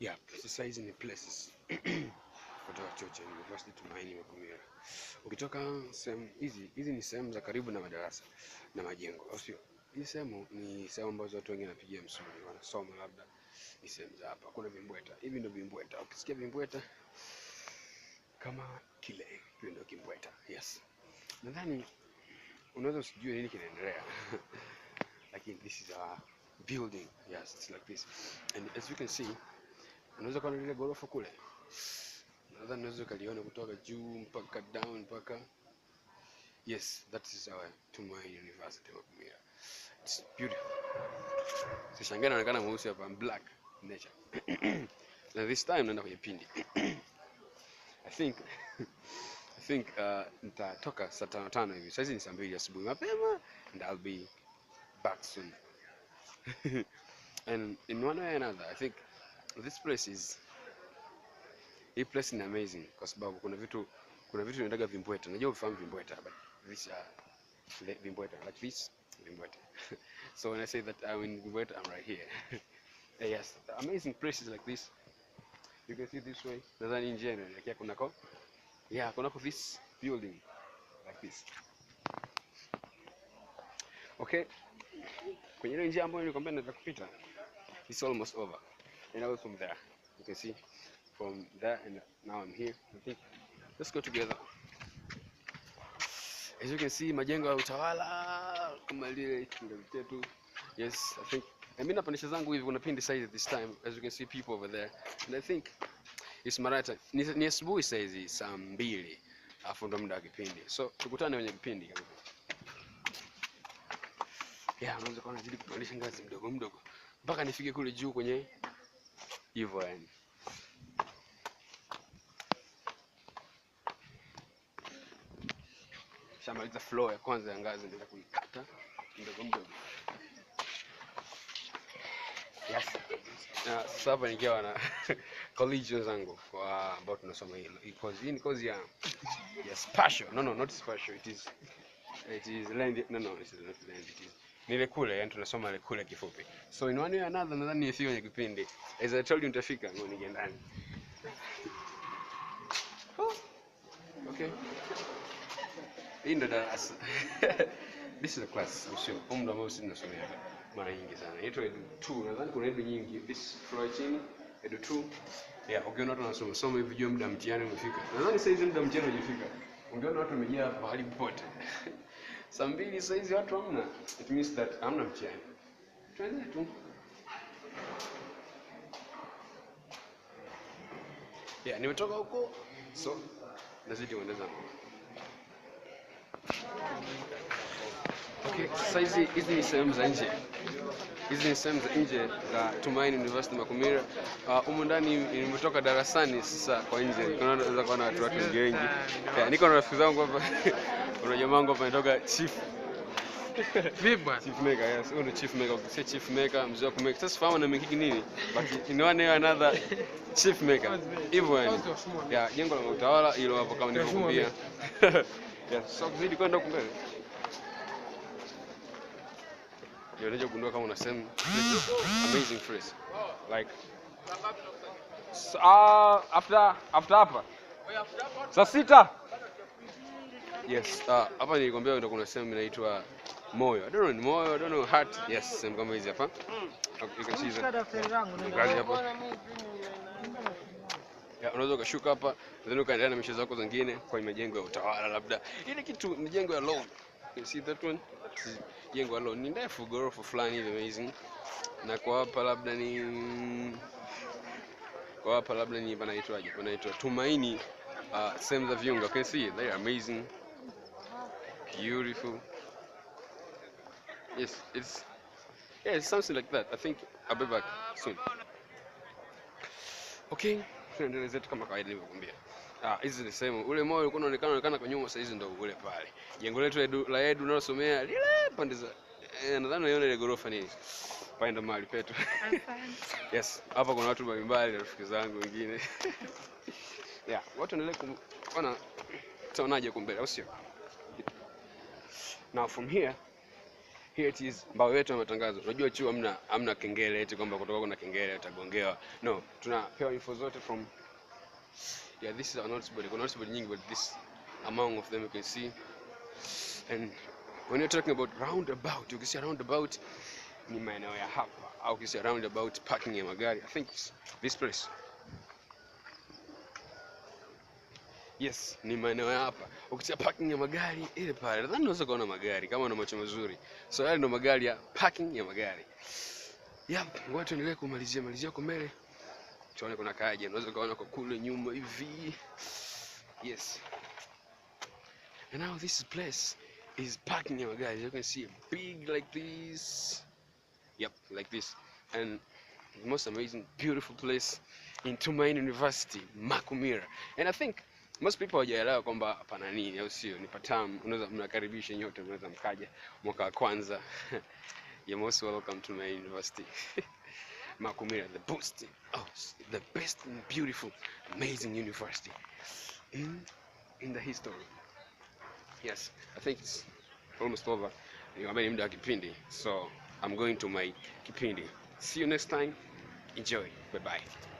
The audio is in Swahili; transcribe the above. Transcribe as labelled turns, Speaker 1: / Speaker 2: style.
Speaker 1: yeah, sasa hizi ni places kutoka chuo cha University Tumaini Makumira. Ukitoka sehemu hizi, hizi ni sehemu za karibu na madarasa na majengo, au sio? Hii sehemu ni sehemu ambazo watu wengi wanapigia msuri, wanasoma labda ni sehemu za hapa. Kuna vimbweta, hivi ndio vimbweta. Ukisikia vimbweta kama kile, hivi ndio kimbweta. Yes, nadhani unaweza usijue nini kinaendelea lakini this is a building. Yes, it's like this and as you can see unaweza kuona lile gorofa kule, nadhani unaweza ukaliona kutoka juu mpaka down mpaka yes, that is our Tumaini University of Makumira. It's beautiful. Sishangaa naonekana mweusi hapa, black nature na this time naenda kwenye pindi I think I think uh, nitatoka saa tano tano hivi. Sasa ni saa mbili asubuhi mapema and I'll be back soon. and in one way or another I think this place is hii place ni amazing kwa sababu kuna vitu kuna vitu vinaendaga vimbweta. Najua ufahamu vimbweta but these uh, are vimbweta like this vimbweta. so when I say that I'm uh, in vimbweta I'm right here. uh, yes, amazing places like this. You can see this way. Nadhani njia inaelekea kunako. Yeah, kuna ko this building like this. Okay. Kwenye ile njia ambayo nilikwambia nataka kupita. It's almost over and I was from there. You can see from there and now I'm here. I think let's go together. As you can see majengo ya utawala kama lile kidogo Yes, I think I mimi napandisha zangu hivi kuna pindi size this time as you can see people over there and I think it's marata ni, ni asubuhi saizi saa mbili afu ndo muda wa kipindi so tukutane kwenye kipindi kama yeah, unaweza kuona zidi kupandisha ngazi mdogo mdogo mpaka nifike kule juu kwenye hivyo yani. Shamaliza flow ya kwanza ya ngazi, ndio kuikata mdogo mdogo. Yes. Na sasa hapa zangu kwa ambao tunasoma hilo. hii ni ya ya special. No no, not special. It is it is land. No no, it is not land. It is nile kule, yani tunasoma ile kule kifupi. So in one way or another nadhani nifike kwenye kipindi. As I told you nitafika ngo nije ndani. Oh. Okay. Hii ndo darasa. This is a class, I'm sure. Huko ndo ambao sisi tunasomea hapa mara nyingi sana. Yetu edu 2, nadhani kuna edu nyingi. This floor chini, edu 2. Yeah, ukiona watu wanasoma soma hivi jua muda mtihani umefika. Nadhani sasa hizi muda mtihani umefika. Ungeona watu wamejaa hapa karibu pote. saa mbili saa hizi watu hamna, it means that hamna mtihani, tuendelee tu. Yeah, nimetoka huko so nazidi kuendeleza okay, sasa hizi hizi ni sehemu za nje hizi ni sehemu za nje za Tumaini University Makumira. Humu uh, ndani nimetoka darasani, sasa kwa nje unaweza kuona watu wake wengi wengi. Yeah, niko na rafiki zangu hapa, kuna jamaa wangu hapa anatoka chief Chief maker, yes. Huyu ni chief maker. Ukisema chief maker, mzee wa kumake. Sasa fahamu na mekiki nini? But in one way another chief maker. Hivyo yani. Ya, jengo la utawala hilo hapo kama nilivyokuambia. Yes, so kuzidi kwenda huko ndio unaje gundua kama una amazing phrase like uh, after after hapa saa sita yes ah, hapa uh, nilikwambia ndo kuna sehemu inaitwa moyo I don't know moyo I don't know heart yes sehemu kama hizi hapa unaweza ukashuka hapa then ukaendelea na michezo yako zingine kwenye majengo ya utawala labda hii ni kitu ni jengo ya loan You see that one? Jengo hilo ni ndefu, ghorofa fulani hivi amazing. Na kwa hapa labda ni kwa hapa labda ni panaitwaje? Panaitwa Tumaini uh, sehemu za viunga. Can see They are amazing. Beautiful. Yes, it's yeah, it's something like that. I think I'll be back soon. Okay, tunaendelea zetu kama kawaida nilivyokuambia. Ah, hizi ni sehemu. Ule moyo ulikuwa unaonekana unaonekana kwa nyuma, sasa hizi ndio ule pale. Jengo letu la Edu nalosomea lile pande za eh, nadhani unaiona ile gorofa nini? Pale ndo mahali petu. Yes, hapa kuna watu mbalimbali na rafiki zangu wengine. Yeah, watu endelee kuona tunaonaje huko mbele, au sio? Now from here here it is mbao yetu ya matangazo. Unajua chuo amna amna kengele eti kwamba kutoka kuna kengele utagongewa. No, tunapewa info zote from yeah this is a noticeable like, noticeable thing but this among of them you can see and when you're talking about roundabout you can see roundabout ni maeneo ya hapa au ukisia roundabout parking ya magari i think this place yes ni maeneo ya hapa ukitia parking ya magari ile pale nadhani unaweza kuona magari kama una macho mazuri so yale ndo magari ya parking ya magari yap ngoja tuendelee kumalizia malizia kwa mbele tuone kuna kaje, unaweza kuona kwa kule nyuma hivi. Yes, and now this place is parking here guys, you can see big like this, yep, like this, and the most amazing beautiful place in Tumaini University Makumira, and I think most people hawajaelewa kwamba pana nini, au sio? Ni patam, unaweza mnakaribisha nyote, mnaweza mkaja mwaka wa kwanza. You're most welcome to my university. makumira the best, oh, the best beautiful, amazing university in, in the history. Yes, I think it's almost over. You are wa kipindi, so I'm going to my kipindi. See you next time. Enjoy. Bye bye.